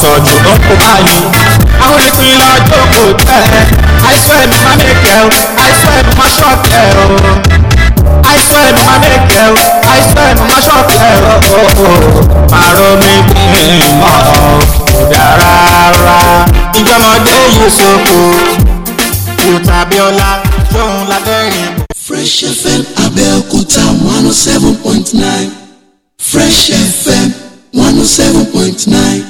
sọ̀dù ó kó báyìí. àwọn ìpín lọ jókòó tẹ̀. àìsàn ẹ̀mí máa mẹ́kẹ́ o àìsàn ẹ̀mí máa ṣọ̀tẹ̀ o. àìsàn ẹ̀mí máa mẹ́kẹ́ o àìsàn ẹ̀mí máa ṣọ̀tẹ̀ o. màrún mi kún mi mọ́ kò dára rárá. ìjọmọdé yìí sọ́kò kò tàbí ọlá lóhun lábẹ́rìn. Fresh FM Abẹ́òkúta one oh seven point nine Fresh FM one oh seven point nine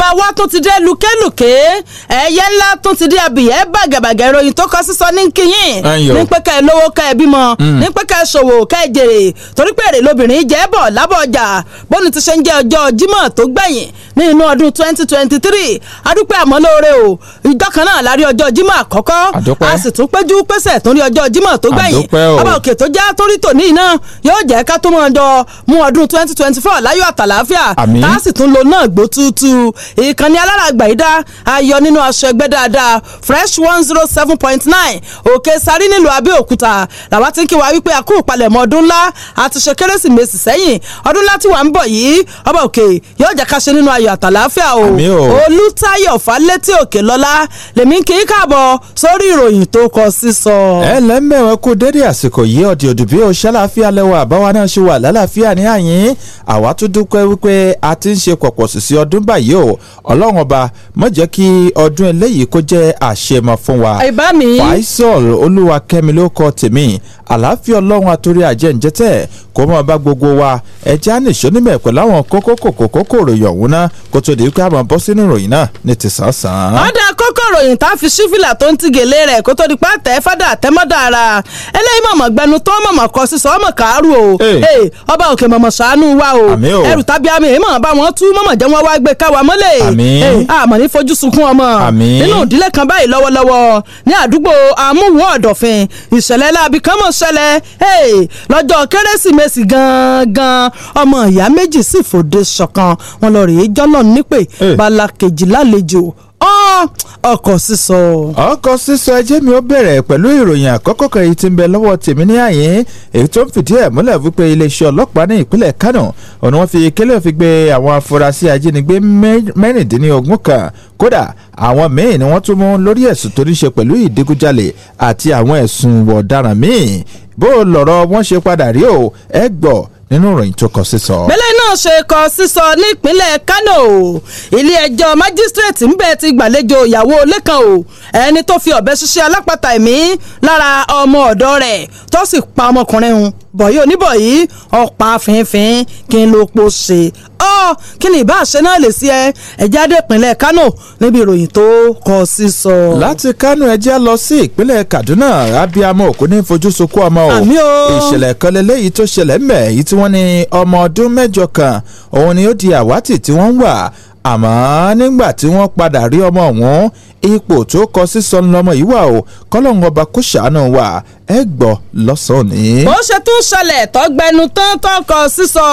bàbá wa tún ti dé lukélukè ẹ̀yẹ ńlá tún ti dé abìyẹ́ bàgàbàgà ìròyìn tó kọ sísọ ní kíyìn ní pé lówó ká ẹ bímọ mm. ní pé ṣòwò ká ẹ torí pé èrè lobìnrin jẹ́ bọ̀ lábọ̀ ọjà bóni ti ṣe ń jẹ́ ọjọ́ Jímọ̀ tó gbẹ̀yìn ní inú ọdún twenty twenty three adúpẹ́ àmọ́ o ìjọ kan náà la rí ọjọ́ Jímọ̀ àkọ́kọ́ a sì tún péjú pésẹ̀ tó rí ọjọ́ Jímọ̀ tó gbẹ̀yìn ọba òkè tó já torí tòní náà yóò jẹ́ ká tó mọ̀ ọjọ́ mú ọdún twenty twenty four láyọ̀ àtàlàáfíà tá a sì tún lo náà gbó tuutu ìkànnì aláràgbàyídá ayọ̀ nínú aṣọ ẹgbẹ́ dáadáa fresh one zero seven point nine òkè sáré nílùú abẹ́òkúta làwa ti ń kí wa wípé a kú ìpalẹ̀mọ́ ọdún ńlá àti ṣe kérésìmesì sẹ́yìn ọdún ńlá tí wà ń bọ̀ yìí ọba òkè yóò jẹ́ ká ṣe nínú ayọ̀ àtàláfíà o olùtayọ̀ falétí òkè lọ́lá lèmi kì í káàbọ̀ sórí ìròyìn tó kọ sísọ. ẹ lẹ́mẹ̀wẹ́ kú dédé àsìkò yìí ọ̀dì òdì bí o ṣàlàáfíà lẹ́wọ̀ àbáwa náà ṣe wà lálàáfíà ní àyín àwa tún dúpẹ́ wípé a ti ń ṣe pọ̀pọ̀ sísí ọdún báyìí o ọlọ́run ọba má jẹ́ kí ọdún eléyìí kó jẹ́ àṣemọ fún wa. ìbá mi. faisal olúwakẹ́mi ló kọ tèmi àlàáfíà ọlọ́run àtòrí àjẹ́ǹjẹ́tẹ̀ kó mọ̀ bá gbogbo wa ẹja nìṣó níbẹ̀ pẹ̀lú àwọn kókó kòkó kòkó náà kó tó di pé àwọn bọ́ sínú ìròyìn náà ní ti sàn-án. ọ̀dà kọ́kọ́ ròyìn tá a fi sífìlà tó ń ti gèlè rẹ̀ kó tó di pa tẹ́ fádà àtẹ́mọ́dà ara eléyìí mọ̀mọ́ gbẹnu tó mọ̀mọ́ kọ sísọ ọmọ kàárù o ọba òkè mọ̀mọ́ sàánú wa o ẹrù tàbí àmì èèmọ̀ bá wọn tú mọ̀mọ́ jẹ́ wọn wá gbé káwa mọ́lẹ̀ àmọ́ ní fojú sunkún ọmọ nínú ìdílé kan báyìí lọ́wọ́lọ́wọ́ ní àdúgbò amúhùn ọ̀dọ̀fin ìṣẹ̀lẹ̀ láabi kan mọ̀ ṣẹlẹ̀ lọ́jọ́ kérésìmesì gangan ọmọ ìyá méjì sì fòde ṣọ̀kan wọn lọ rèé jọ́lọ́ nípè bala kejì lálejò Ah, ọkọ̀ sísọ. ọkọ̀ sísọ ẹjẹ́ mi ó bẹ̀rẹ̀ pẹ̀lú ìròyìn àkọ́kọ́ kan èyí tí ń bẹ lọ́wọ́ tèmi ní àyín èyí tó ń fìdí ẹ̀ múlẹ̀ wípé iléeṣẹ́ ọlọ́pàá ní ìpínlẹ̀ Kánò òun wọ́n fi kélé òfin gbé àwọn afurasí ajínigbé mẹ́rìndínlógún kan kódà àwọn míì ni wọ́n tún mú lórí ẹ̀sùn tó ní ṣe pẹ̀lú ìdigunjalè àti àwọn ẹ̀sùn ọ̀daràn míì bó lọ̀rọ̀ wọ́n ṣe padà rí o ẹ gbọ́ nínú ìròyìn tó kọ sísọ. bẹ́lẹ̀ náà ṣe kọ sísọ nípínlẹ̀ Kano ilé-ẹjọ́ májísírèètì ń bẹ ti gbàlejò ìyàwó lẹ́kàn o ẹni tó fi ọ̀bẹ ṣiṣẹ́ alápàtà ẹ̀mí lára ọmọ ọ̀dọ́ rẹ̀ tó sì pa ọmọkùnrin hun bọ̀yì oníbọ̀yì ọ̀pá fínfín kí n ló po ṣe ọ́ kí ni ìbáṣe náà lè sí ẹ ẹ̀jẹ̀ adé ìpínlẹ̀ Kánò níbi ìròyìn tó kọ sí sọ. láti Kánò ẹjẹ́ lọ sí ìpínlẹ̀ Kaduna abiyamọ òkú ní fojú sunkún ọmọ o ìṣẹ̀lẹ̀ kan lélẹ́yìí tó ṣẹlẹ̀ mẹ́ èyí tí wọ́n ní ọmọ ọdún mẹ́jọ kan òun ni ó di àwátì tí wọ́n ń wà àmọ́ nígbà tí wọ́n padà rí ọmọ ọ̀hún ipò tó kọ sí sọnù lọmọ yìí wà o kọ́lọ́hún ọba kó ṣàánú wa ẹ gbọ́ lọ́sàn-án ni. bó ṣe tún ṣẹlẹ̀ tọ́gbẹ́nu tán tọkọ sísọ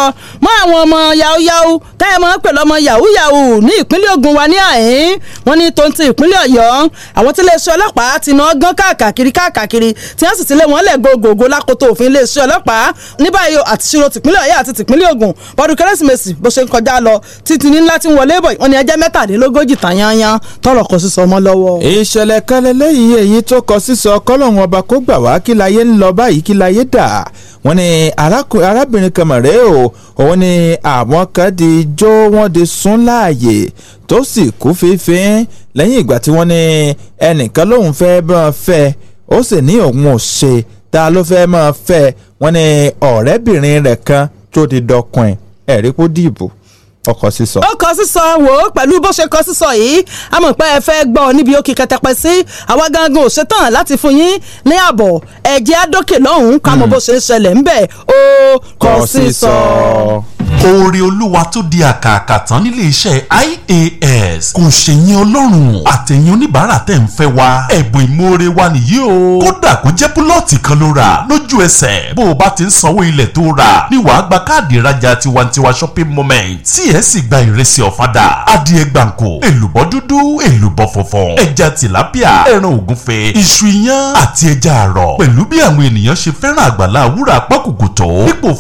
mọ́ àwọn ọmọ yahoo tẹ́ ẹ máa ń pè lọ́mọ yahoo yahoo ní ìpínlẹ̀ Ògùn wa ní àhín wọn ní tó ń ti ìpínlẹ̀ Ọ̀yọ́ àwọn tí iléeṣẹ́ ọlọ́pàá ti ná gán káàkiri káàkiri tí wọ́n sì ti lé wọn lẹ̀ gògògò lákòótó òfin iléeṣẹ́ ọlọ́pàá ní báyìí àtìṣirò tìpínlẹ̀ Ọ̀yọ́ Playboy wọ́n ní ẹjẹ́ mẹ́tàlélógójì tàyányán tọrọ kọ sísọ ọmọ lọ́wọ́. ìṣẹ̀lẹ̀ kan lélẹ́yìí èyí tó kọ sísọ kọ́lọ́hún ọba kó gbà wá kí láyé ń lọ báyìí kí láyé dà wọ́n ní arábìnrin kan mọ̀rẹ́ o òun ni àwọn kan di jó wọ́n di sún láàyè tó sì kú fífín lẹ́yìn ìgbà tí wọ́n ní ẹnìkan lòun fẹ́ bọ́n fẹ́ ó sì ní òun ò ṣe ta ló fẹ́ máa fẹ́ wọ́n ní ọ̀rẹ́bìnrin rẹ̀ kan tó ti dọkùn ẹ̀ ẹ̀rí kó dìbò ọkọ̀ sísọ. ọkọ̀ sísọ wò ó pẹ̀lú bó ṣe kọ sísọ yìí a mọ̀ pé ẹ fẹ́ gbọ́ níbi ó kì kẹtẹpẹ sí àwa gangan ò ṣetán láti fún yín ní àbọ̀ ẹ̀jẹ̀ àdókè lọ́hùn-ún ká mọ̀ hmm. bó ṣe ń ṣẹlẹ̀ ńbẹ̀ ó kọ sísọ oore olúwa tó di àkàkà tán nílé iṣẹ́ ias kò ṣèyìn ọlọ́run àtẹ̀yìn oníbàárà tẹ̀ ń fẹ́ wa ẹ̀bùn ìmoore wa nìyí o kódà kó jẹ́ púlọ̀tì kan ló rà lójú ẹsẹ̀ bó o bá ti ń sanwó ilẹ̀ tó rà ni wàá gba káàdì ìrajà tiwantiwa shopping moment tí ẹ sì gba ìrẹsì ọ̀fadà adìẹ gbàǹkó èlùbọ́ dúdú èlùbọ́ funfun ẹja tìlápíà ẹran ògúnfe iṣu iyán àti ẹja àrọ̀ pẹ̀lú bí àwọn ènìyàn ṣe fẹ́ràn àgbàlá àwúrà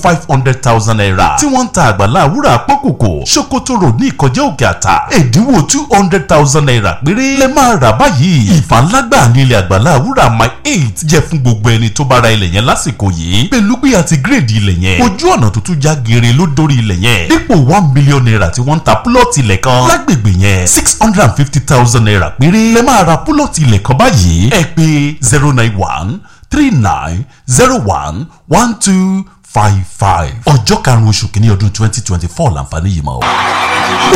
five hundred thousand naira tí àgbàlá àwúrà àpọ́kòkò ṣòkòtò rò ní ìkọjá òkè àtà ẹ̀dínwó two hundred thousand naira péré lẹ́ máa rà báyìí ìfànlágbà nílẹ̀ àgbàlá àwúrà my eight jẹ́ fún gbogbo ẹni tó bá ra ilẹ̀ yẹn lásìkò yìí pẹ̀lú pé àti gírèdì ilẹ̀ yẹn ojú ọ̀nà tó já geere ló dórí ilẹ̀ yẹn dípò one million naira tí wọ́n ń ta púlọ̀tì ilẹ̀ kan lágbègbè yẹn six hundred and fifty thousand naira péré lẹ́ máa ra púlọ̀tì ilẹ̀ kan báyìí ẹ pè zero nine one three nine zero one one two five five. ọjọ́ karùn-ún oṣù kìíní ọdún twenty twenty làǹfààní yìí máa wà.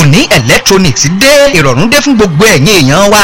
òní electronics dé ìrọ̀rùn dé fún gbogbo ẹ̀yin èèyàn wa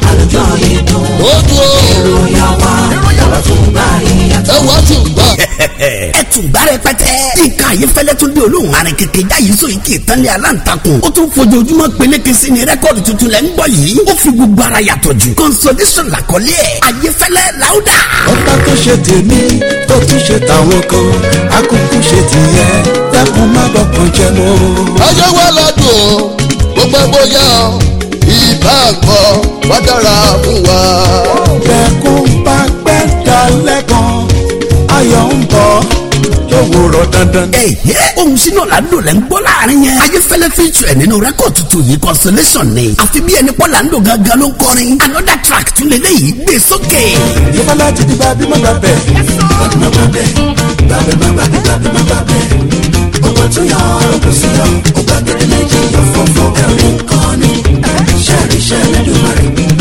ọjọ́ ìdùn. ó dúró. ìròyìn àwa ọ̀rọ̀ tó ń bá ìyàtọ̀. ẹ wá tún gbà. ẹ tún gbà rẹpẹtẹ. yínká ayéfẹ́lẹ́ tún dé olóhùn arin kékeré jáyé sóyè kì í tán ní aláǹtakùn. ó tún fojoojúmọ́ peléke sí ni rẹ́kọ̀dì tuntun lẹ́ ń gbọ́ yìí. ó fi gbogbo ara yàtọ̀ jù. consolation làkọlé ẹ̀ ayéfẹ́lẹ́ làwùdà. ọba tó ṣe tèmi tó tún ṣe tàwọn kan akókó ṣe ìbáàgbọ́ wá dára fún wa. bẹ́ẹ̀kún bá pẹ́ dalẹ́ kan ayọ̀ ń bọ̀ lówùrọ̀ dandan. ẹ ẹ ohun sínú la lò lẹ́ ń gbọ́ láàrin yẹn. ayéfẹ́lẹ́ fíjù ẹ̀ nínú rẹ́kọ̀d tuntun yìí consolation ni. àfi bí ẹni pọ́lá ń lò gangan ló ń kọrin. another track tún lè léyìí gbé sókè. yọba láti di bàbí má bà bẹ́ẹ̀. bàbí má bà bẹ́ẹ̀. bàbí má bà bẹ́ẹ̀. bàbí má bà bẹ́ẹ̀. ọgbọ́n tún yọ ọ̀rọ̀ kò sí yọ. ó gbàgede méjì yọ fọ́fọ́ ẹ̀rín kan ni ṣàríṣà lẹ́dùn-ún rẹ̀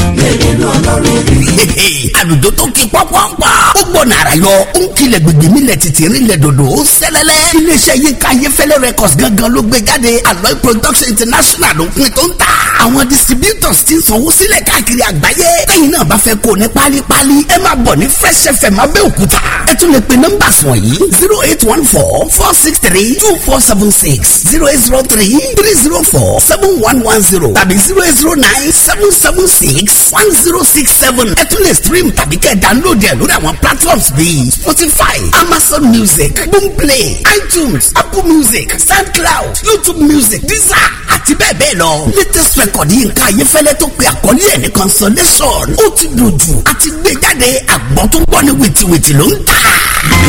nínú ọlọ́run mi. àlùjọ tó kí pọ́npọ́npọ́ ó gbọ́ nàrà yọ ó ń kilẹ̀ gbègbè mílẹ̀ títí rinlẹ̀ dòdò ó sẹ́lẹ̀lẹ̀. iléeṣẹ́ yìí ká ayéfẹ́lẹ́ records gangan ló gbé jáde Aloy production international ló pin tó ń ta. àwọn distributors ti ń sanwó sílẹ̀ káàkiri àgbáyé. lẹ́yìn náà bá fẹ́ kó ní pálípálí ẹ máa bọ̀ ní Fresh FM Abẹ́òkúta. ẹ tún lè pe nọ́mbà sùn zero eight one four four six three two four seven six zero eight zero three three zero four seven one one zero tàbí zero eight zero nine seven seven six one zero zero six seven ẹ tún lè stream tàbí kẹ́ ẹ download ẹ lórí àwọn platforms bíi spotify amazon music boomplay itunes apple music soundcloud youtube music deezer àti bẹ́ẹ̀ bẹ́ẹ̀ lọ. latest record yìí nǹkan ayéfẹ́lẹ́ tó pe àkọlé ẹ̀ ní consolation ó ti dùn jù àti gbé jáde àgbọ̀n tó ń gbọ́ ní wìtìwìtì ló ń tà.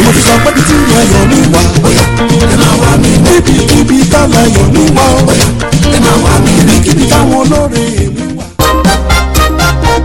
mo fi sọ pé kí n máa yọ̀ mí wá bóyá ẹ máa wá mi níbikíbi tá a máa yọ̀ mí wá bóyá ẹ máa wá mi níbikíbi táwọn olóore mi wá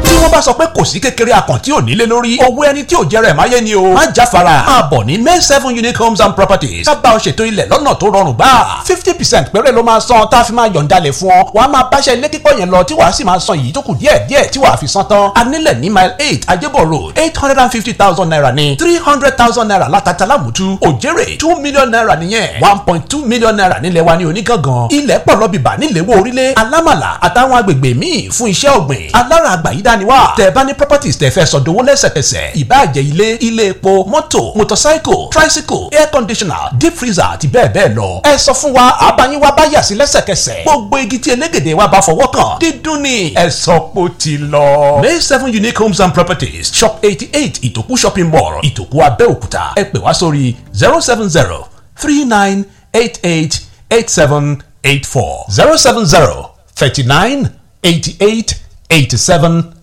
tí wọ́n bá sọ pé kò sí kékeré akàn tí ò nílé lórí òwe ẹni tí ò jẹrẹ máyé ni o má jáfara máa bọ̀ ní main seven unique homes and properties ká bá ọ ṣètò ilẹ̀ lọ́nà tó rọrùn gbà fifty percent péré ló máa san tá a fi máa yọ̀ǹda lẹ̀ fún ọ wàá máa báṣẹ́ ilé kíkọ́ yẹn lọ tí wàá sì máa san yìí tó kù díẹ̀ díẹ̀ tí wàá fi san tán anílẹ̀ ní mile eight ajébọ̀ road eight hundred and fifty thousand naira ní three hundred thousand naira látàtà lámùtú òjèrè two million naira nìyẹn one point two million naira nílẹ̀ wa ní onígangan ilẹ̀ pọ̀ lọ́bìbà nílẹ̀ wo orílẹ̀ alámàlà àtàwọn agbègbè míì fún iṣẹ́ ọ̀gbìn alára àgbà yìí dídá ni wá. tẹ́ bá ní properties tẹ́ fẹ́ sọdowó lẹ́sẹ̀kẹsẹ̀ ìbáàjẹ́ ilé ilé epo moto motorcycle tricycle air conditioner deep freezer àti bẹ́ẹ̀ bẹ́ẹ̀ lọ. ẹ sọ fún wa àbáyín wa bá yà sí lẹ́sẹ̀kẹsẹ̀ gbogbo igi tí elégèdè wa bá fọwọ́ kàn dídùn ni ẹ sọ pé ó ti lọ. May seven unique homes and properties shop eighty eight ìtòkú shopping mall ìtòkú abẹ́òkúta ẹ pè wá sórí zero seven zero three nine eight eight eight seven eight four zero seven zero thirty nine eighty eight eighty seven.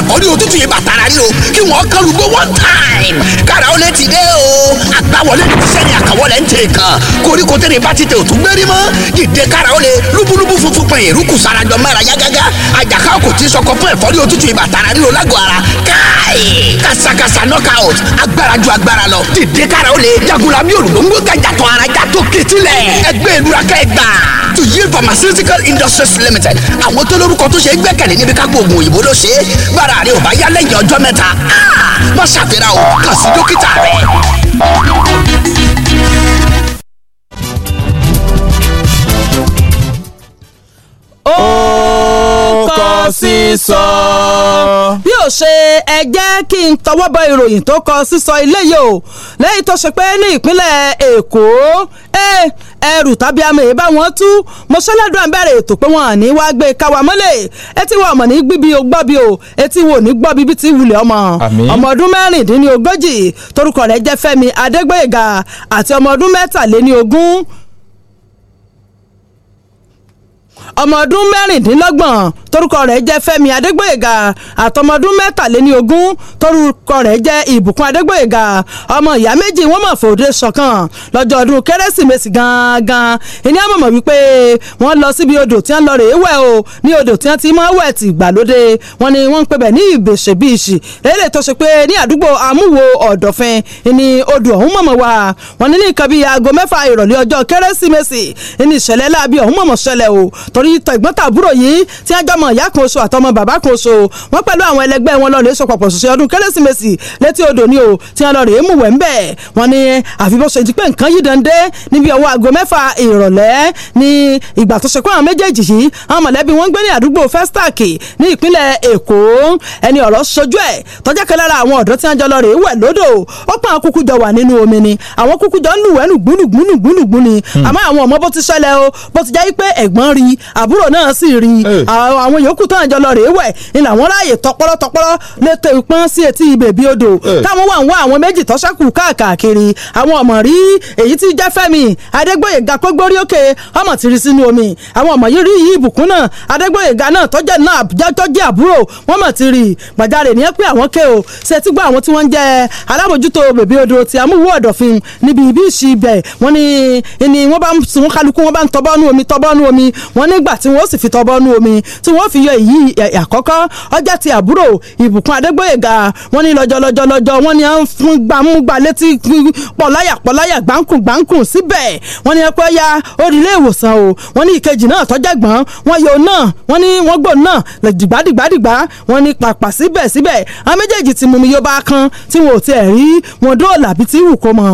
ẹ̀fọ́rí òtútù yìí bàtàrà rí o kí wọ́n kọlùgbó one time kára ó lé ti dé o àgbàwọlé ti sẹ́ni àkàwọlé ń tẹ̀ kàn koríko tẹ̀lé bá ti tẹ̀ òtún gbérí mọ́ dìde kára ó lé lúbúlúbú funfun pẹ̀ èrúkù sarajọ mẹ́ra yá àjàká kò tí sọkọ fún ẹ̀fọ́rí òtútù yìí bàtàrà rí o lágọ̀ ara káì kàṣàkàṣà knockout agbára ju agbára lọ dìde kára ó lé jagunlami olùdóńgbò kájàtọ̀ limited àwọn tó lórúkọ tó ṣe gbẹ́kẹ̀lé níbi ara rẹ ò bá yá lẹ́yìn ọjọ́ mẹ́ta ah! má ṣàfihàn o kàn sí dókítà rẹ. ó kọ sísọ ṣe ẹ kí n tọwọ́ bọ ìròyìn tó kọ sísọ ilé yìí o lẹ́yìn tó ṣe pé ní ìpínlẹ̀ Èkó ẹrù tàbí àmì ìbá wọn tú mọ́ṣáláàdúrà ń ètò pé wọ́n àní wá gbé káwa mọ́lẹ̀ etí wọn ọmọ ní gbíbi o gbọ́bi o etí wọn ò ní gbọ́bi bí ti wulẹ̀ ọmọ ọmọ ọdún mẹ́rìndínlógójì torúkọ rẹ̀ jẹ́ Fẹ́mi Adégbóyèga àti ọmọ ọdún mẹ́tàléní ọmọ ọdún mẹ́rìndínlọ́gbọ̀n torúkọ rẹ̀ jẹ́ fẹ́mi adégbòyèga àtọmọ ọdún mẹ́tàléní ogún torúkọ rẹ̀ jẹ́ ìbùkún adégbòyèga ọmọ ìyá méjì wọ́n mọ̀ fòde ṣọ̀kan lọ́jọ́ ọdún kérésìmesì gangan ìní àmọ̀mọ̀ wípé wọ́n lọ síbi odò tí wọ́n lọ rèé wẹ̀ o ní odò tí wọ́n ti mọ́ wẹ̀ tì gbàlódé wọ́n ni wọ́n ń pebẹ̀ ní ìbèṣè bíi ìṣì eré tó ṣe pé ní àdúgbò amúwo ọ̀dọ̀fin ìní odò ọ̀hún mọ̀mọ̀ wà wọ́n ní ní nǹkan bíi aago mẹ́fà ìrọ̀lẹ́ ọjọ́ kérésìmesì ìní ìṣẹ̀lẹ̀ láabi ọ̀hún mọ̀mọ̀ ṣẹlẹ̀ o torí tẹ̀gbọ́n tàbúrò yìí tí wọ́n jọmọ ìyá kan oṣù àtọmọ bàbá kan oṣù wọ́n pẹ̀lú àwọn ẹlẹgbẹ́ wọn lọ́ọ́ lè so pọ̀pọ̀ ṣoṣo ọdún kérésìmesì létí odò ni o tí wọ́n lọ rèé mú wẹ̀ ń bẹ̀ wọ́n ní àfi bó ṣe ti pé nǹkan yìí dande níbi ọwọ́ aago mẹ́fà ìrọ̀lẹ́ ní ìgbà tó ṣe kó àwọn méjèèjì yìí àwọn mọ̀lẹ́bí wọn ń gbé ní àdúgbò Festac ní ìpínlẹ̀ Èkó ẹni ọ̀rọ̀ ṣojú ẹ̀ tọ́jà kan lára àwọn ọ̀dọ́ tí wọ́n jọ lọ rèé wẹ̀ lódò ó pọ́n àwọn wà nínú omi ni àwọn kúkú jọ ń lùwẹ́ nù gbúnùgbúnùgbúnùgbúnì hmm. àmọ́ àwọn ọmọ bó ti ṣẹlẹ̀ o bó ti jẹ́ pé ẹ̀gbọ́n rí àbúrò náà sì rí eh. àwọn yòókù tán àjọ lọ rèé wẹ̀ ni làwọn ráàyè tọpọ́rọ́ tọpọ́rọ́ létò ìpọ́n sí etí bèbí odò eh. táwọn wà ń wá àwọn méjì tó ṣẹ́kù káàkiri àwọn ọmọ rí èyí tí jẹ́ Fẹ́mi Adégbóyèga kó gbórí òkè ọmọ tìrì sínú omi àwọn ọmọ yìí rí iyì ìbùkún náà Adégbóyèga náà tọ́jẹ́ náà tọ́jẹ́ àbúrò wọ́n mọ̀ ti rí gbàjarè ní pé àwọn ké o ṣe ti gbọ́ àwọn tí wọ́n ń jẹ́ alábòjútó bèbí odò ti amúwò ọ̀dọ̀fin níbi ìbí ìṣì ibẹ̀ wọ́n ní ni wọ́n bá ń sùn kálukú wọ́n bá ń tọ́bọ́nú omi tọ́bọ́nú omi wọ́n nígbà tí wọ́n sì fi tọ́bọ́ nú omi tí wọ́n fi yọ èyí àkọ́kọ́ ọjà ti àbúrò ìbùkún adégbòyèga wọ́n ní lọ́jọ́ lọ́jọ́ lọ́jọ́ wọ́n ní fún gbàmúgbà létí pọ̀láyà pọ̀láyà gbáǹkùn gbáǹkùn síbẹ̀ wọ́n ní ẹ̀pẹ́ ya orílẹ̀ ìwòsàn o wọ́n ní ìkejì náà tọ́jà gbọ́n wọ́n yọ náà wọ́n ní wọ́n gbò náà dìgbàdìgbàdìgbà wọ́n ní pàpà síbẹ̀síbẹ̀ àwọn méjèèjì ti mú mi yóò bá kán tí wọn ò tiẹ̀ rí wọn dúró làbí tí wù kó mọ̀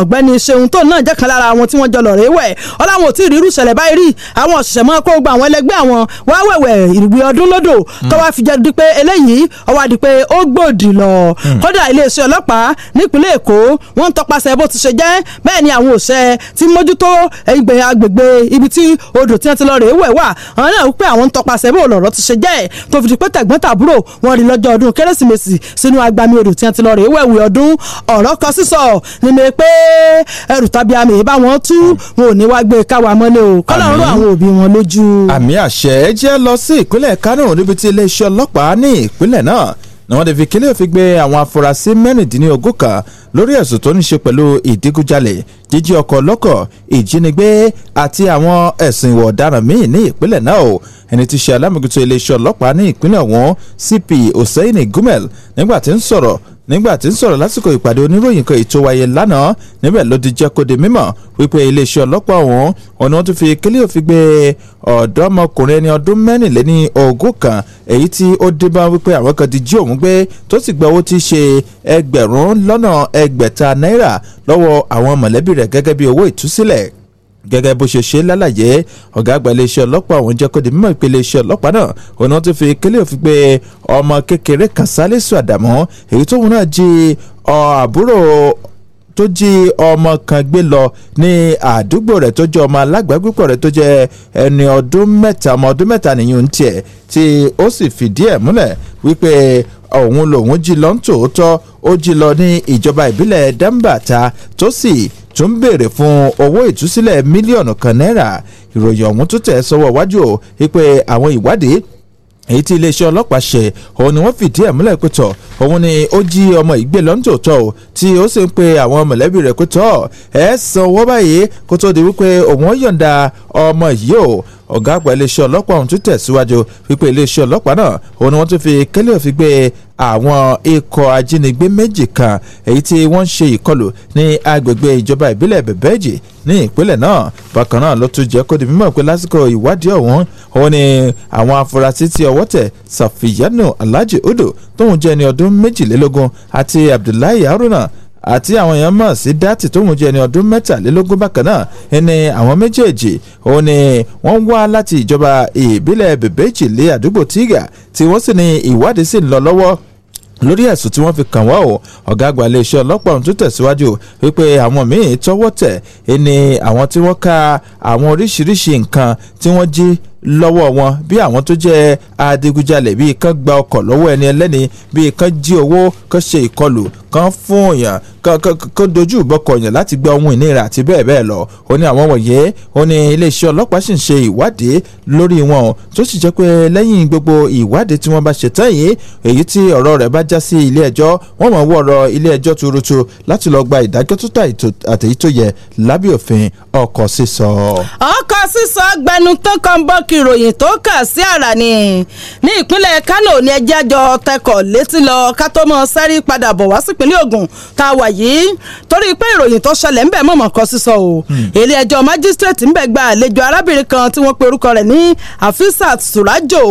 ọ̀gbẹ́ni ṣeun tó náà jẹ́ kan lára àwọn tí wọ́n jọ lọ̀rẹ́ wẹ̀ ọláwọn máa kó gba àwọn ẹlẹgbẹ́ àwọn wá wẹ̀wẹ̀ ìwé ọdún lódò tó wá fi jẹ́ di pé eléyìí ó wá pé ó gbòdì lọ. Hmm. kódà iléeṣẹ́ ọlọ́pàá nípínlẹ̀ èkó wọ́n tọpasẹ̀ bó ti ṣe jẹ́ bẹ́ẹ̀ ni àwọn òṣẹ́ ti mójútó ẹgbẹ́ agbègbè ibi tí odò tí wọ́n ti lọ rèé wẹ̀ wà àwọn náà wípé àwọn tọpasẹ̀ bó lọ̀rọ̀ ti ṣe jẹ́ tó fi di pé tẹ̀gbọ́n tàbúrò wọn rí lọ́jọ́ ọdún kérésìmesì sínú agbami odò tí wọ́n ti lọ rèé wẹ̀ wẹ̀ ọdún ọ̀rọ̀ kan sísọ nínú pé ẹrù tàbí àmì ìbá wọn tú wọn ò lójú. àmì àṣẹ jẹ́ lọ sí ìpínlẹ̀ Kánò níbi tí iléeṣẹ́ ọlọ́pàá ní ìpínlẹ̀ náà ni wọ́n ti fi kílẹ̀ òfin gbé àwọn afurasí mẹ́rìndínlógún kan lórí ẹ̀sùn tó ní ṣe pẹ̀lú ìdígunjalè jíjí ọkọ̀ lọ́kọ̀ ìjínigbé àti àwọn ẹ̀sùn ìwà ọ̀daràn míì ní ìpínlẹ̀ náà o ẹni tí ṣe alámòójútó iléeṣẹ́ ọlọ́pàá ní ìpínlẹ̀ ọ̀hún CP Hussein Gumel nígbà tí ń sọ̀rọ̀ nígbà tí ń sọ̀rọ̀ lásìkò ìpàdé oníròyìn kan ètò wáyé lánàá níbẹ̀ ló ti jẹ́ kó di mímọ̀ wípé iléeṣẹ́ ọlọ́pàá ọ̀hún ọ̀nà wọn tún fi kílíò fi gbé ọ̀dọ́mọkùnrin ẹni ọdún mẹ́rìnléní ogún kan èyí tí ó débá wípé àwọn kan ti jí òun gbé tó sì gba owó tí ṣe ẹgbẹ̀rún lọ́nà ẹgbẹ̀ta náírà lọ́wọ́ àwọn mọ̀lẹ́bí rẹ̀ gẹ́gẹ́ bí owó ìtúsílẹ̀ gẹ́gẹ́ bó ṣe ṣe lálàyé ọ̀gá àgbà iléeṣẹ́ ọlọ́pàá ọ̀hún jẹ́ kó di mímọ̀ ìpele iṣẹ́ ọlọ́pàá náà òun náà tún fi kélé òfin pé ọmọ kékeré kan Sálísù Àdàmú èyí tóun náà jí àbúrò tó jí ọmọ kan gbé lọ ní àdúgbò rẹ̀ tó jẹ́ ọmọ alágbàgbépọ̀ rẹ̀ tó jẹ́ ẹni ọdún mẹ́ta ọmọ ọdún mẹ́ta nìyẹn tiẹ̀ tí ó sì fìdí ẹ̀ múlẹ̀ wípé òun lòun jí lọ ń tòótọ́ ó jí lọ ní ìjọba ìbílẹ̀ Dambata tó sì tó ń béèrè fún owó ìtúsílẹ̀ mílíọ̀nù kan náírà ìròyìn ọ̀hún tó tẹ̀ sọ́wọ́ iwájú o wípé àwọn ìwádìí èyí tí iléeṣẹ́ ọlọ́pàá ṣe òun ni wọ́n fìdí ẹ̀ múlẹ̀ pé tọ̀ òun ni ó jí ọmọ ìgbé lọ́ńtò tọ̀ o tí ó sì ń pe àwọn mọ̀lẹ́bí rẹ̀ pé tọ̀ ẹ̀ sanwó báyìí kó tó di wípé òun ó yọ̀ǹda ọmọ yìí o ọ̀gá àgbà iléeṣẹ́ ọlọ́pàá ọ̀hún tún tẹ̀síwájú wípé iléeṣẹ́ ọlọ́pàá náà òun ni wọ́n tún fi kélé òfin gbé àwọn ikọ̀ ajínigbé méjì kan èyí tí wọ́n ń ṣe ìkọlù ní agbègbè ìjọba ìbílẹ̀ bẹ̀bẹ́jì ní ìpínlẹ̀ náà bákan náà ló tún jẹ́ kó di mímọ̀ pé lásìkò ìwádìí ọ̀hún òun ni àwọn afurasí tí ọwọ́ tẹ̀ Safiyanu Alhaji Udu tóun jẹ́ ẹni ọdún méjìlélógún àti Abdullahi Haruna àti àwọn èèyàn mọ̀ sí dátì tó ń jẹ́ ẹni ọdún mẹ́tàlélógún bákan náà ẹni àwọn méjèèjì òun ni wọ́n wá láti ìjọba ìbílẹ̀ bèbèjì lé àdúgbò tíga tí wọ́n sì ní ìwádìí sì ń lọ lọ́wọ́ lórí ẹ̀sùn tí wọ́n fi kàn wá o ọ̀gá àgbà iléeṣẹ́ ọlọ́pàá ọ̀hún tún tẹ̀síwájú wípé àwọn míì tọwọ́ tẹ̀ ẹni àwọn tí wọ́n ka àwọn oríṣiríṣi nǹkan tí wọ́n jí lọ́wọ́ wọn bí àwọn tó jẹ́ adigunjalè bíi kan gba ọkọ̀ lọ́wọ́ ẹni ẹlẹ́ni bíi kan jí owó kan ṣe ìkọlù kan fún èèyàn kan dojú ìbọkọ̀ èèyàn láti gba ohun ìní rẹ̀ àti bẹ́ẹ̀ bẹ́ẹ̀ lọ ó ní àwọn wọ̀nyí ó ní iléeṣẹ́ ọlọ́pàá sì ń ṣe ìwádìí lórí wọn o tó sì jẹ́ pé lẹ́yìn gbogbo ìwádìí tí wọ́n bá ṣe yìí èyí tí ọ̀rọ̀ rẹ̀ bá já sí ilé ẹjọ́ wọ́n mọ̀ wọ̀rọ̀ ilé ẹjọ́ tuurutu láti lọ gba ìdájọ́ tó tà àtèyí tó yẹ lábẹ́ òfin ọkọ̀ sísọ. ọkọ̀ sísọ gbẹnu tó kàn bọ́ kí ìròyìn tó kà sí àrà ni ní ìpínlẹ̀ Kánò ní ẹjẹ́ àjọ tẹkọ̀ létí lọ ká tó mọ sẹ́rí padà bọ̀ wá sípínlẹ̀ Ògùn tá a wà yìí torí pé ìròyìn tó ṣẹlẹ̀ ń bẹ̀ mọ̀mọ̀ kọ sísọ o hmm. ilé ẹjọ́ májísírèètì ń bẹ̀ gba àlejò arábìnrin kan tí wọ́n pe orúkọ rẹ̀ ní Afisat Surajo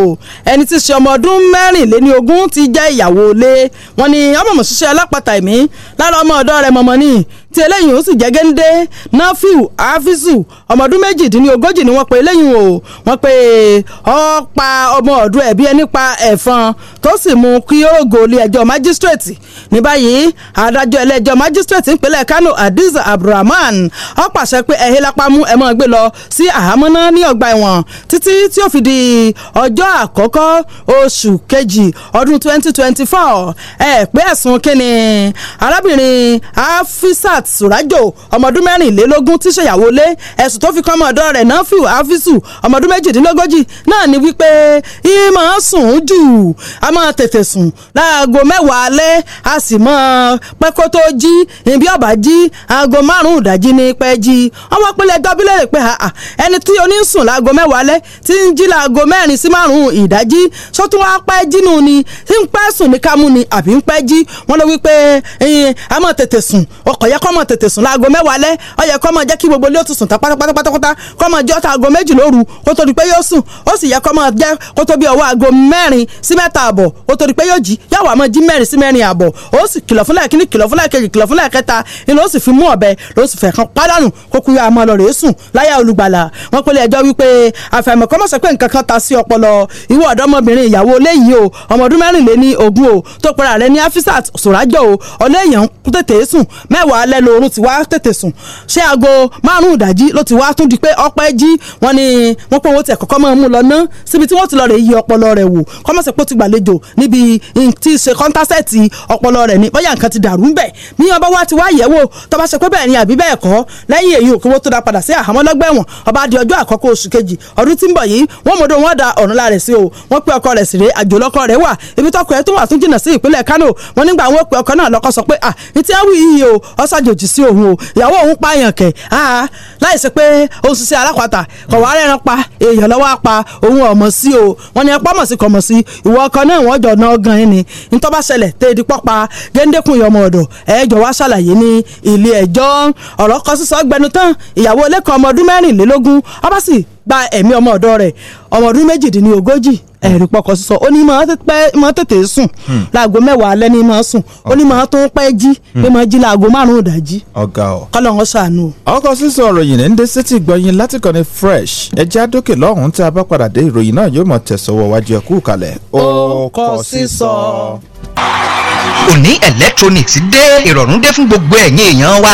ẹni tí ṣe ọmọ ọdún mẹ́rìnléní ogún ti jẹ́ ìyàwó ilé wọn ni ọmọ mọ̀ alápàtà ẹ̀mí lára ọmọ ọ̀dọ́ rẹ̀ mọ̀mọ́ ni tí eléyìí ó sì jẹ́ géńdé nafiu afisu ọmọọdún méjìdínlógójì ni wọ́n pe eléyìí o wọ́n pe ọ̀pá ọmọ ọ̀dún ẹ̀bí ẹni pa ẹ̀fọn tó sì mú kí ó rògò ilé ẹjọ́ májísírèètì ní báyìí adájọ́ ilé ẹjọ́ májísírèètì ìpínlẹ̀ kano adiz abdulrahman ó pàṣẹ pé ẹ̀hìn lápá mú ẹ̀ mọ́ gbé lọ sí àhámọ́ náà ní ọgbà ẹ̀wọ̀n títí tí ó fi di ọjọ́ àkọ́kọ́ oṣù kejì ọdún 2024 ẹ̀ pé ẹ̀sùn kínni arábìnrin afisat sùrájò ọmọdún mẹ́rìnlélógún tí ṣèyàwó lé ẹ̀sùn tó fi kọ́ ọmọdọ́ rẹ̀ náfíù áfísù ọmọdún méjìdínlógójì náà ni wípé ìmọ̀ sùn jù a máa tètè sùn láago mẹ́wàá alẹ́ a sì máa pẹ́ kó tó jí ìbí ọ̀bà jí aago márùn-ún ìdájí ní pẹ́ jí ọmọ pínlẹ̀ dọ́bílẹ̀ rẹ̀ pé ẹni tí onísùn láago mẹ́wàá alẹ́ tí ń jí láago mẹ́rin sí márùn-ún ìdájí sọ́tún wá pẹ́ jínú ni tí ń pẹ́ sùn ní kámú ni àbí ń pẹ́ jí wọ́n lọ wípé a máa tètè sùn ọkọ̀ yẹ kọ́mọ tètè sùn láago mẹ́wàá lẹ́ ó yẹ kọ́mọ jẹ́ kí gbogbo ilé ó ti sùn tán pátápátápátá kọ́mọ jẹ́ ọ̀tá aago méjì lóru kó tó di pé yóò sùn ó sì yẹ kọ́mọ jẹ́ kó tó bí ọwọ́ aago mẹ́rin sí mẹ́ta àbọ̀ kó tó di pé yóò jí yóò wà mọ́ jí mẹ́rin sí mẹ́rin àbọ̀ ó sì kìlọ̀ fúnlẹ̀ kíní kìlọ̀ fúnlẹ̀ kejì kìlọ̀ fúnlẹ̀ kẹta ni ló sì fi mú ọ̀bẹ ló sì fẹ̀ kan pádànù kó kú yá máa lọ rèé sùn láyà olùgbàlà wọn pẹ̀lẹ́ ẹjọ́ wípé alẹ́ lòórùn ti wá tètè sùn ṣé aago márùn ìdájí ló ti wá tún di pé ọpẹ́ jí wọ́n ní wọ́n pé wọ́n ti ẹ̀kọ́kọ́ máa mú lọ ná síbi tí wọ́n ti lọ rẹ̀ yí ọpọlọ rẹ̀ wò kọ́mọ̀sẹ̀ pé ó ti gbàlejò níbi tí ṣe kọ́ńtásẹ̀tì ọpọlọ rẹ̀ ní bóyá nǹkan ti dàrú ń bẹ̀ bí wọ́n bá ti wá yẹ̀wò tó bá ṣe pé bẹ́ẹ̀ ni àbí bẹ́ẹ̀ kọ́ lẹ́yìn èyí òkè ṣàjòjì sí òun o ìyàwó òun pààyàn kẹ̀ láìsí pé ó sì ṣe alápàtà kọ̀wá rẹ̀ràn pa èèyàn lọ́wọ́ apá òun sí o wọn ni ẹpọ́ mọ̀ sí sí ìwọ ọkọ náà wọ́n jọ náà gan ni ntọ́ba ṣẹlẹ̀ tẹ́ pọ́pa géńdékùn ọmọ ọ̀dọ̀ ẹ̀ẹ́jọ wá ṣàlàyé ní ilé ẹjọ́ ọ̀rọ̀ kọ ọba gba ẹ̀mí ọmọ rẹ̀ ọmọ ọdún ẹ̀rí pọkọ sísọ ó ní máa tètè sùn hmm. láago mẹ́wàá alẹ́ ní máa sùn ó ní máa tó pẹ́ jí hmm. pé máa jí láago márùn-ún ìdájí. ọ̀gá o kọ́lọ̀ ń ṣàánú. ọkọ̀ sísọ ọ̀rọ̀ yìí ní ń láti kàn ní fresh ẹja dókè lọ́hùn tí a bá padà dé ìròyìn náà yóò mọ̀ tẹ̀sọ̀wọ̀ wájú ẹ̀kú kalẹ̀. ọkọ̀ sísọ òní electronics dé ìrọ̀rùn dé fún gbogbo ẹ̀yin èèyàn wa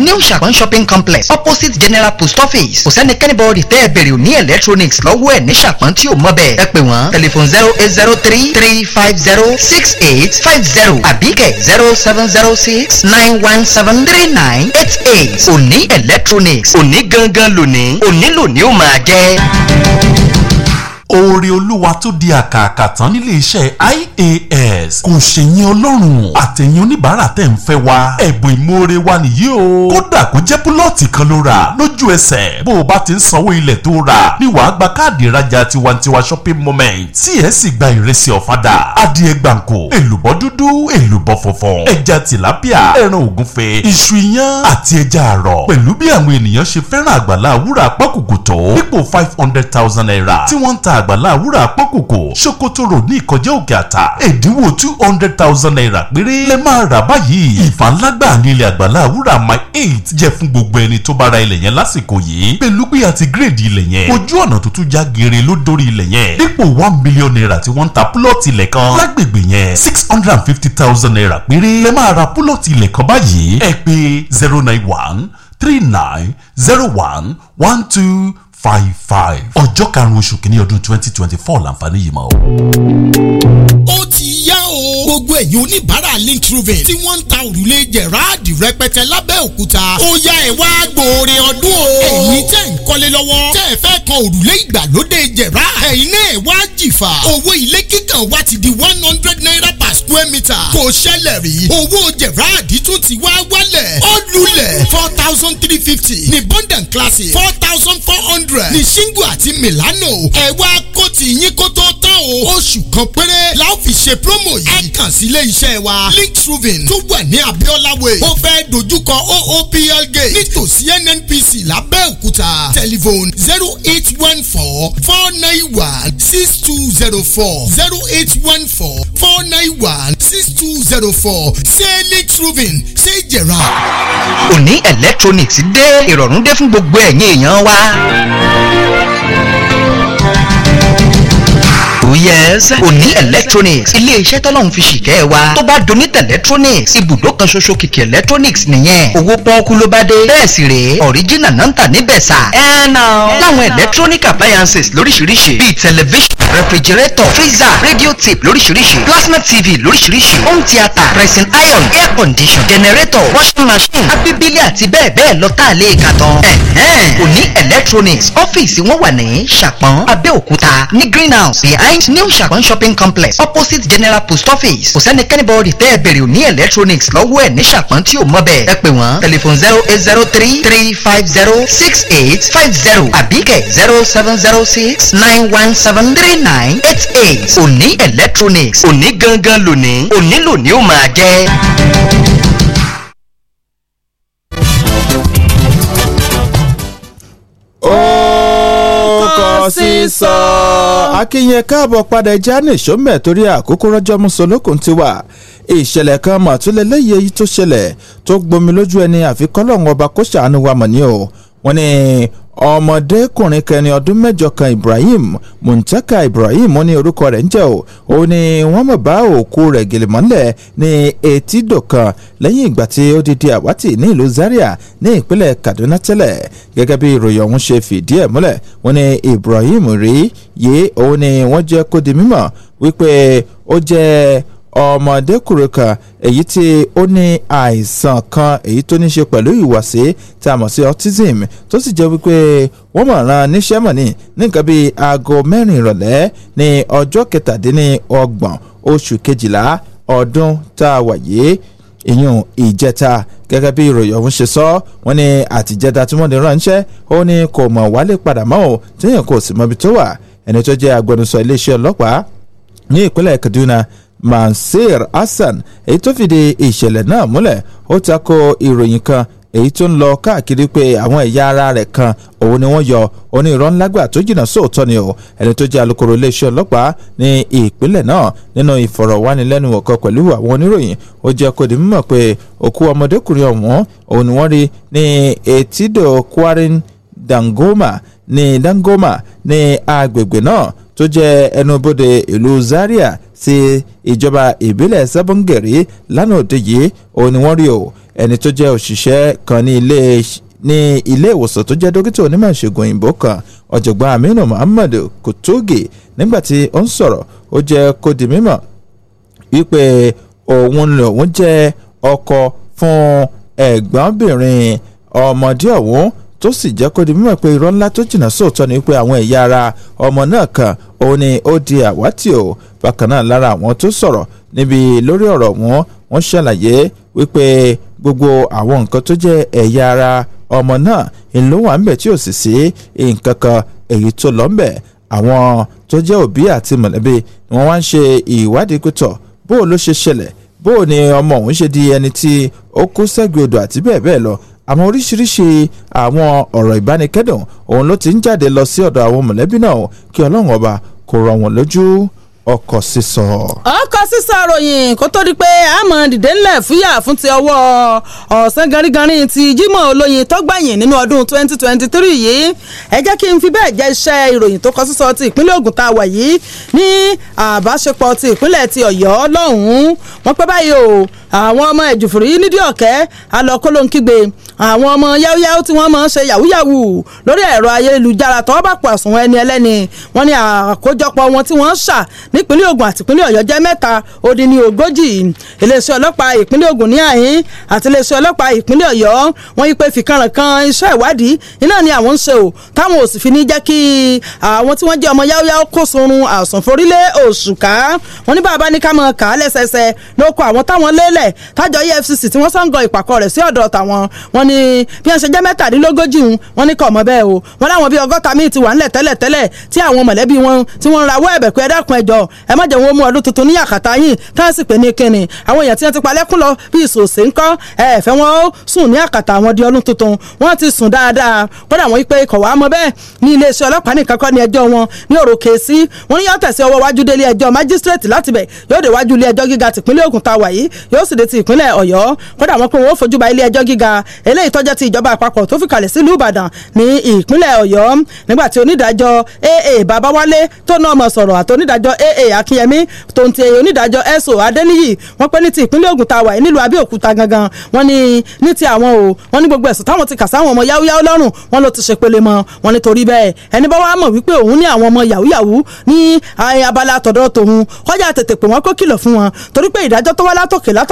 new Shaban shopping complex opposite general post office kò sẹ́nikẹ́ni bọ́ọ̀dì tẹ́ ẹ ní electronics lọ́wọ́ ẹ̀ ní Shaban tí ò mọ̀ bẹ́ẹ̀ ẹ pè wọ́n tẹlifon zero eight zero three three five zero six eight five zero àbíkẹ́ zero seven zero six nine one seven three nine eight eight òní electronics òní gangan lónìí òní lónìí ó máa jẹ́ oore olúwa tó di àkàkà tán nílé iṣẹ́ ias kò ṣèyìn ọlọ́run àtẹ̀yìn oníbàárà tẹ̀ ń fẹ́ wa ẹ̀bùn ìmoore wa nìyí o kódà kó jẹ́ búlọ́ọ̀tì kan ló rà lójú ẹsẹ̀ bó o bá ti ń sanwó ilẹ̀ tó rà ni wàá gba káàdì ìrajà tiwantiwa shopping moment tí ẹ sì e gba ìrẹsì ọ̀fadà adìẹ gbàǹkó èlùbọ́ dúdú èlùbọ́ funfun ẹja tìlápíà ẹran ògúnfe iṣu iyán àti ẹja àrọ̀ pẹ̀lú bí àwọn ènìyàn ṣe fẹ́ràn àgbàlá àwúrà five hundred thousand naira tí àgbàlá àwúrà àpọ́kòkò Sokoto road ní ìkọjẹ́ òkè àtà ẹ̀dínwó two hundred thousand naira péré lẹ́ máa rà báyìí ìfànlágbà nílẹ̀ àgbàlá àwúrà my eight jẹ́ fún gbogbo ẹni tó bá ra ilẹ̀ yẹn lásìkò yìí pẹ̀lúgbé àti gírèdì ilẹ̀ yẹn ojú ọ̀nà tuntun já geere ló dórí ilẹ̀ yẹn dípò one million naira tí wọ́n ń ta púlọ̀tì ilẹ̀ kan lágbègbè yẹn six hundred and fifty thousand naira péré lẹ́ máa ra púlọ̀tì ilẹ̀ kan báyìí ẹ pè zero nine one three nine zero one one two five five ọjọ́ karùn-ún oṣù kìíní ọdún twenty twenty four làǹfààní yìí máa wọ. ó ti yá o. gbogbo ẹ̀yin oníbàárà link truven tí wọ́n ń ta òrùlé gerard rẹpẹtẹ lábẹ́ òkúta ó yá ẹ̀ wá gbòòrè ọdún o. ẹ̀yin tẹ́ ń kọ́lé lọ́wọ́ tẹ́ ẹ fẹ́ kan òrùlé ìgbàlódé gerard ẹ̀yin náà wá jìfà owó ilé kíkan wá ti di one hundred naira per square meter kò ṣẹlẹ̀ rí owó gerard tún ti wá wálẹ̀ ó lulẹ̀ four thousand three fifty ní bondant classic four thousand four hundred ní shingle àti milano ẹ̀ wá kó ti yín kó tó ọgọ́rùn-ún oṣù kan péré la ó fi ṣe promo yìí. ẹ kàn sí ilé iṣẹ́ wa links roofing tó wà ní abiola way ó fẹ́ dojúkọ oopl gate nítòsí nnpc lábẹ́òkúta telephone zero eight one four four nine one six two zero four zero eight one four four nine one six two zero four ṣé links roofing ṣé jẹ̀ra. òní electronics dé ìrọ̀rùn dé fún gbogbo ẹ̀yin èèyàn wa mọ́tò yes òní electronics ilé iṣẹ́ tọ́lọ́run fi ṣìkẹ́ ẹ wa tó bá donate electronics ibùdó kan ṣoṣo kìkì electronics nìyẹn owó pọ́ọ́kú ló bá dé bẹ́ẹ̀ sì rèé original náà ń tà níbẹ̀ sà. láwọn electronic appliances lóríṣiríṣi bíi television rẹfrigirétọ̀ fírísà rédíò tape lóríṣiríṣi plasma tv lóríṣiríṣi home theatre pressing iron air condition generator washing machine abibili àti bẹ́ẹ̀ bẹ́ẹ̀ lọ tá a lè kà tán. òní electronics ọ́fíìsì wọn wà ní ṣàpọ̀n abẹ́òkúta ní greenhouse behind new ṣàpọ̀n shopping complex opposite general post office kò sẹ́nikẹ́ni bọ́ọ̀dì tẹ́ ẹ bèrè òní electronics lọ́wọ́ ẹ̀ ní ṣàpọ̀n tí ò mọ̀ bẹ́ẹ̀ ẹ pè wọ́n telephone zero eight zero three three five zero six eight five zero àbíkẹ́ zero seven zero six nine one seven three nine eight eight òní electronics òní gangan lónìí òní lónìí ó máa jẹ́. ó kọ sísọ. akínyẹn káàbọ̀ padà já ní ìṣómẹ̀ torí àkókò rọ́jọ́ mùsùlùkùn ti wà ìṣẹ̀lẹ̀ kan màtúlẹ̀lẹ́yẹ yìí tó ṣẹlẹ̀ tó gbomi lójú ẹni àfikọ́lọ́hún ọba kó ṣàánú wa mọ̀ ní o wọ́n ní ọmọdékùnrin kẹni ọdún mẹ́jọ kan Ibrahim Muntaka Ibrahim ó ní orúkọ rẹ̀ ń jẹ́ o ó ní wọ́n mọ̀ bá òkú rẹ̀ gèlèmọ́lẹ̀ ní etídò kan lẹ́yìn ìgbà tí ó ti di àwátì ní ìlú Zaria ní ìpínlẹ̀ Kaduna tẹ́lẹ̀ gẹ́gẹ́ bí ìròyìn ọ̀hún ṣe fìdí ẹ̀ múlẹ̀ wọ́n ní Ibrahim rí yé òun ni wọ́n jẹ́ kó di mímọ̀ wípé ó jẹ́ ọmọdékùnrin kan èyí tí ó ní àìsàn kan èyí tó ní ṣe pẹ̀lú ìwàsí tá a mọ̀ sí autism tó sì jẹ́ wípé wọ́n mọ̀ ràn níṣẹ́ mọ̀ ní ní nǹkan bíi aago mẹ́rin ìrọ̀lẹ́ ní ọjọ́ kẹtàdínlọ́gbọ̀n oṣù kejìlá ọdún tá a wà yìí ìyún ìjẹta gẹ́gẹ́ bí ìròyìn ọ̀hún ṣe sọ wọ́n ní àtìjẹta tí wọ́n lè ránṣẹ́ ó ní kò mọ̀ wálé padà mọ́ ò téèyàn kò sì mọ̀bi tó wà ẹni tó jẹ́ agbẹnusọ iléeṣẹ́ ọlọ́pàá ní ìpínlẹ̀ Kaduna Mansir Hassan èyí tó fìdí ìṣẹ̀lẹ̀ náà múlẹ̀ ó tako ìròyìn kan èyí tó ń lọ káàkiri pé àwọn ẹ̀yà ara rẹ̀ kan òun ni wọ́n yọ oní tó jìnnà sóòótọ́ ni o ẹni tó jẹ́ alukoro iléeṣẹ́ ọlọ́pàá ní ìpínlẹ̀ náà nínú ìfọ̀rọ̀wánilẹ́nuwò kan pẹ̀lú àwọn oníròyìn ó jẹ́ kó di mímọ̀ pé òkú ọmọdékùnrin ọ̀hún òun dangoma ní dangoma tó jẹ́ ẹnubodè ìlú Zaria sí ìjọba ìbílẹ̀ Sábọ̀ngẹ̀rì lánàá òde yìí òun ni wọ́n rí o ẹni tó jẹ́ òṣìṣẹ́ kan ní ilé ní ilé ìwòsàn tó jẹ́ dókítà onímọ̀ ìṣègùn òyìnbó kan ọ̀jọ̀gbọ́n Aminu Muhammad Kutugi nígbà tí ó ń sọ̀rọ̀ ó jẹ́ kó di mímọ̀ wípé òun lòun jẹ́ ọkọ fún ẹ̀gbọ́nbìnrin ọmọdé ọ̀hún tó sì jẹ́ kó di mímọ̀ pé irọ́ ńlá tó jìnnà sóòótọ́ ni pé àwọn ẹ̀yà ara ọmọ náà kan òun ni ó di àwátì o bákan náà lára àwọn tó sọ̀rọ̀ níbi lórí ọ̀rọ̀ wọn wọ́n ṣàlàyé wípé gbogbo àwọn nǹkan tó jẹ́ ẹ̀yà ara ọmọ náà ìlú wà ń bẹ̀ tí ò sì sí nǹkan kan èyí tó lọ ń bẹ̀ àwọn tó jẹ́ òbí àti mọ̀lẹ́bí ni wọ́n wá ń ṣe ìwádìí pẹ̀tọ̀ bó o ló ṣe ṣẹlẹ̀ bó o ní ọmọ òun ṣe di ẹni tí ó kú sẹ́gbẹ̀ẹ́ odò àti bẹ́ẹ̀ bẹ́ẹ̀ lọ àwọn oríṣiríṣi àwọn ọ̀rọ̀ ìbánikẹ́dùn òun ló ti ń jáde lọ sí ọ̀dọ̀ àwọn mọ̀lẹ́bí náà kí ọlọ́run ọba kó rọ̀ wọ́n lójú ọkọ̀ sísọ. ọkọ̀ sísọ ròyìn kó tó di pé àmọ́ dìde ńlẹ̀ fúyà fún ti ọwọ́ ọ̀sán ganriganrin ti Jímọ̀ Olóyin tó gbẹ̀yìn nínú ọdún twenty yìí ẹ jẹ́ kí n fi bẹ́ẹ̀ jẹ́ iṣẹ́ ìròyìn tó kọ sísọ ti ìpínlẹ̀ Ògùn tá a wà yìí ní àbáṣepọ̀ ti ìpínlẹ̀ ti Ọ̀yọ́ lọ́hùn-ún wọ́n pẹ́ báyìí o àwọn ọmọ ẹ̀jùfùrí nídìí ọ̀kẹ́ alọ́kọ́lóńkígbe àwọn ọmọ yáwóyáwó tí wọ́n máa ń ṣe yàwúyàwú lórí ẹ̀rọ ayélujára tọ́wọ́ bá pọ̀ àsùnwọ̀n ẹni ẹlẹ́ni wọ́n ní àkójọpọ̀ wọn tí wọ́n ń ṣà nípínlẹ̀ Ògùn àti ìpínlẹ̀ Ọ̀yọ́ jẹ́ mẹ́ta ó dín ní ogójì iléeṣẹ́ ọlọ́pàá ìpínlẹ̀ Ògùn ní àhín àti iléeṣẹ́ ọlọ́pàá ìpínlẹ̀ Ọ̀yọ́ wọ́n yí pé fìkanrànkan iṣẹ́ ìwádìí iná ni àwọn ń ṣe o táwọn ò sì fi ní jẹ́ kí àwọn tí wọ́n jẹ́ ọmọ yáwóyáwó kó sunrun àsùnforílẹ̀ òṣùká wọ́n ní bàbá ní ká mọ̀ ká lẹ́sẹsẹ lóko àwọn táwọn lélẹ̀ tẹ́lẹ̀ tájọ EFCC tí wọ́n sọ́ngọ ìpàkọ́ rẹ̀ sí ọ̀dọ̀ tàwọn wọn ni bí wọ́n ṣe jẹ́ mẹ́tàdínlógójì wọn ní kọ̀ mọ́ bẹ́ẹ̀ o wọn láwọn bíi ọgọ́ta míì ti wà ńlẹ̀ tẹ́lẹ̀ tẹ́lẹ̀ tí àwọn mọ̀lẹ́bí wọn tí wọ́n rawọ́ ẹ̀bẹ̀ pé ẹ dákun ẹ jọ̀ọ́ ẹ má jẹ́ wọn mú ọdún tuntun ní yàkàtà yìí táwọn sì pé ní kínni àwọn èèyàn tí wọ́n ti palẹ́kùn lọ bí ìsòsè ńkọ́ ẹ ẹ̀fẹ́ wọn ó sùn ní àkàtà àwọn di ọdún tuntun wọ́n ti sùn dáadáa kódà wọ́n pé ikọ̀ wàá mọ bẹ́ẹ̀ ní iléeṣẹ́ ọlọ́pàá nìkan kọ́ ni ẹjọ́ wọn ní ọ̀rọ̀ kèésì wọ́n ní yóò tẹ̀sí ọwọ́ wájú délé ẹjọ́ májísírèètì látibẹ̀ yóò dé wájú ilé ẹjọ́ gíga tìpínlẹ̀ Ògùn tá a wà yìí yóò lọ́sídẹ̀ẹ́ ti ìpínlẹ̀ ọ̀yọ́ kódà wọn pé wọn ó fojú ba ilé ẹjọ́ gíga eléyìí tọ́jọ́ ti ìjọba àpapọ̀ tó fi kalẹ̀ sílùú ìbàdàn ní ìpínlẹ̀ ọ̀yọ́ nígbà tí onídàájọ́ aa babawale tó náà mọ̀ sọ̀rọ̀ àti onídàájọ́ aa akínyẹmí tó ń ti onídàájọ́ so adéníyì wọn pé ní ti ìpínlẹ̀ ògùn tá a wà nílùú abẹ́òkúta gangan wọn ní ní ti àwọn o wọn ní gbogbo ẹ̀sùn táwọn ti kà sáwọn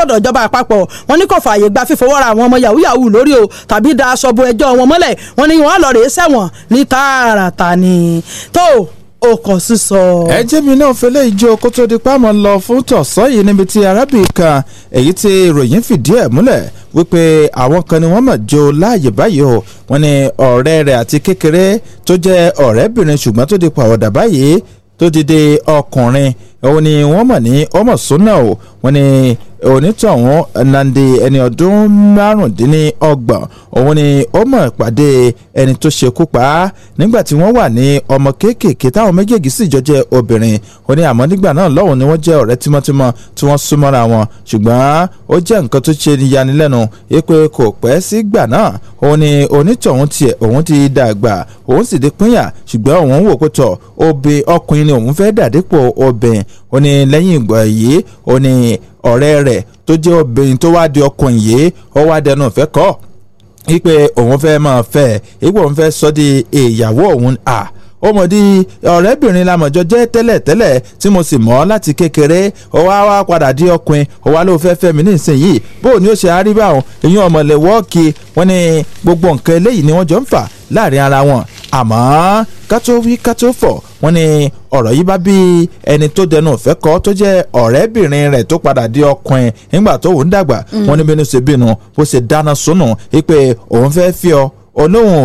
látọ̀dọ̀ ìjọba àpapọ̀ wọn ní kò fààyè gba fífowóra àwọn ọmọ yahoo yahoo lórí o tàbí da aṣọ bo ẹjọ́ wọn mọ́lẹ̀ wọn ní wọn lọ rèé sẹ́wọ̀n ní tààràtà ni tó ó kọ sísọ. ẹ jẹ́ mi náà fẹlẹ́ ìjó kó tó di pàmò lọ fún tọ̀sọ́ yìí níbi tí arábìnrin kan èyí tí ìròyìn fìdí ẹ̀ múlẹ̀ wípé àwọn kan ni wọ́n mọ̀ jó láàyè báyìí o wọ́n ní ọ̀rẹ́ rẹ̀ àti kékeré tó jẹ́ ọ̀rẹ́bìnrin ṣùgbọ́n tó di pàwọ̀dà báyìí tó dìde ọkùnrin òun ni wọ́n mọ̀ ní ọmọ sọ́nà o wọ́n ní onítọ̀hún nandi ẹni ọdún márùndínlọ́gbọ̀n òun ni ó mọ̀ ìpàdé ẹni tó ṣekú pa á nígbà tí wọ́n wà ní ọmọ kéékèèké táwọn méjèèjì sì jọ jẹ́ obìnrin ó ní àmọ́ nígbà náà lọ́hùn ni wọ́n jẹ́ ọ̀rẹ́ tímọ́tímọ́ tí wọ́n súnmọ́ra wọn ṣùgbọ́n ó jẹ́ nǹkan tó ṣe yanilẹ́nu pé kò pẹ́ sígbà náà òun ni onítọ̀hún tiẹ̀ òun ti dàgbà òun sì di pínyà ṣùgbọ́n òun wò pé tọ̀ obì ọkùnrin ni òun fẹ́ dàdípò obìnrin ó ní lẹ́yìn ìgbà yìí ó ní ọ̀rẹ́ rẹ̀ tó jẹ́ obìnrin tó wá di ọkùnrin yìí ó wá dẹnu ìfẹ́ kọ́ wípé òun fẹ́ máa fẹ́ wípé òun fẹ́ sọ di ìyàwó òun à ó mọ̀ di ọ̀rẹ́bìnrin lamọ̀jọ jẹ́ tẹ́lẹ̀tẹ́lẹ̀ tí mo sì mọ̀ láti kékeré ó wá wá padà di ọkùnrin ó wá ló fẹ́ fẹ́ mi nísìnyìí bó o ní ó ṣe àríwá òun ìyún ọmọlẹ̀ wọ́ọ̀kì wọn ni gbogbo nǹkan eléyìí ni wọ́n jọ ń fà láàrin ara wọn àmọ́ ká tó wí ká tó fọ̀ wọ́n ní ọ̀rọ̀ yìí bá bí ẹni tó dẹnu ìfẹ́ kọ́ tó jẹ́ ọ̀rẹ́bìnrin rẹ̀ tó padà di ọkùnrin nígbà tó òun dàgbà mm. wọ́n ní bínú ṣe bínú bó ṣe dáná sónù wípé òun fẹ́ fi ọ olóhùn